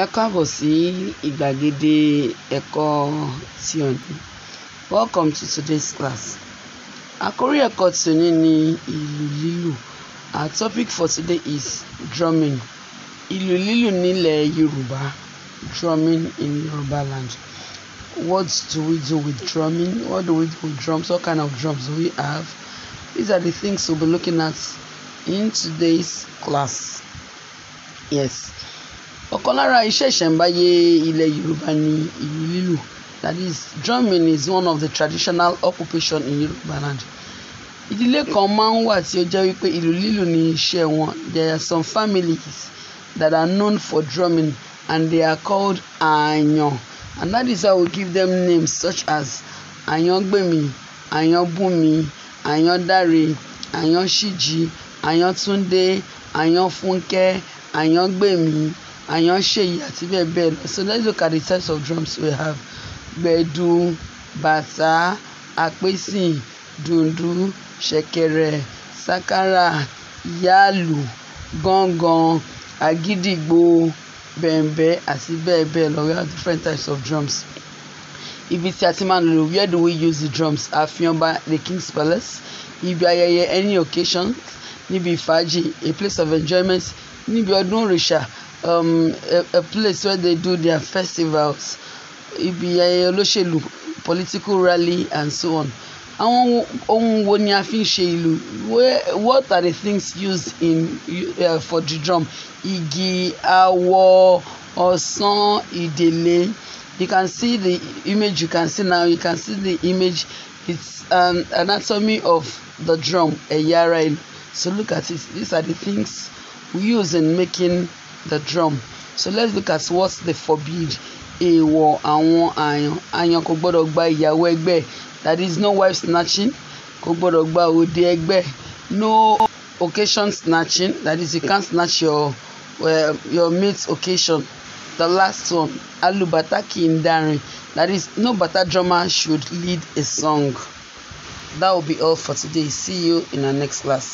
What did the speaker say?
Ẹ káàbọ̀ sí ìgbàgede ẹ̀kọ́ ti òní. Welcome to today's class. Àkórí ẹ̀kọ́ ti òní ni ìlù lílù. Our topic for today is drumming. Ìlù lílù nílẹ̀ Yorùbá. Drumming in Yoruba land. What do we do with drumming? What do we do with drums? What kind of drums do we have? These are the things we'll be looking at in today's class. Yes. Ọ̀kan lára iṣẹ́ ìṣẹ̀mbáyé ilẹ̀ Yorùbá ni ìlù lílù drumming is one of the traditional occupation in Yorùbá land. Ìdílé kan máa ń wà tí ó jẹ́ wípé ìlù lílù ni iṣẹ́ wọn. There are some families that are known for drumming and they are called Àyàn and that is why we give them names such as Àyàngbèmí, ayanbumi, Àyàndáre, ayanshiji, Àyàntúndé, Àyànfúnkẹ́, Àyàngbèmí. Àyànṣèyí àti bẹ́ẹ̀ bẹ́ẹ̀ lọ. So let's look at the types of drums we have. Gbẹ̀du, bàtà, àpèsìn, dundu, ṣẹ̀kẹ̀rẹ̀, sakara, yálù, gángan, àgídìgbo, bẹ̀m̀bẹ́ àti bẹ́ẹ̀ bẹ́ẹ̀ lọ. We have different types of drums. Ibi tí a ti máa lò where do we use the drums? Ààfin ọba the king's palace. Ibi ayẹyẹ any occasion. Níbi ìfàájì a place of enjoyment. Níbi ọdún òrìṣà um, a, a place where they do their festivals ibi ayẹyẹ olóṣèlú political rally and so on àwọn ohun wo ni a fi ń ṣe ìlú what are the things used in uh, for the drum igi awọ ọsán ìdèlè you can see the image you can see now you can see the image it's an anatomy of the drum ẹ̀yà ara ìlú so look at it these are the things we use in making the drum so let's look at what they forbid èèwọ̀ àwọn àyàn àyàn kò gbọ́dọ̀ gba ìyàwó ẹgbẹ́ that is no wife snatching kò gbọ́dọ̀ gba òde ẹgbẹ́ no occasion snatching that is you can't snatch your well eh, your mate's occasion the last one alubata kì that is no bata drummer should lead a song that will be all for today see you in our next class.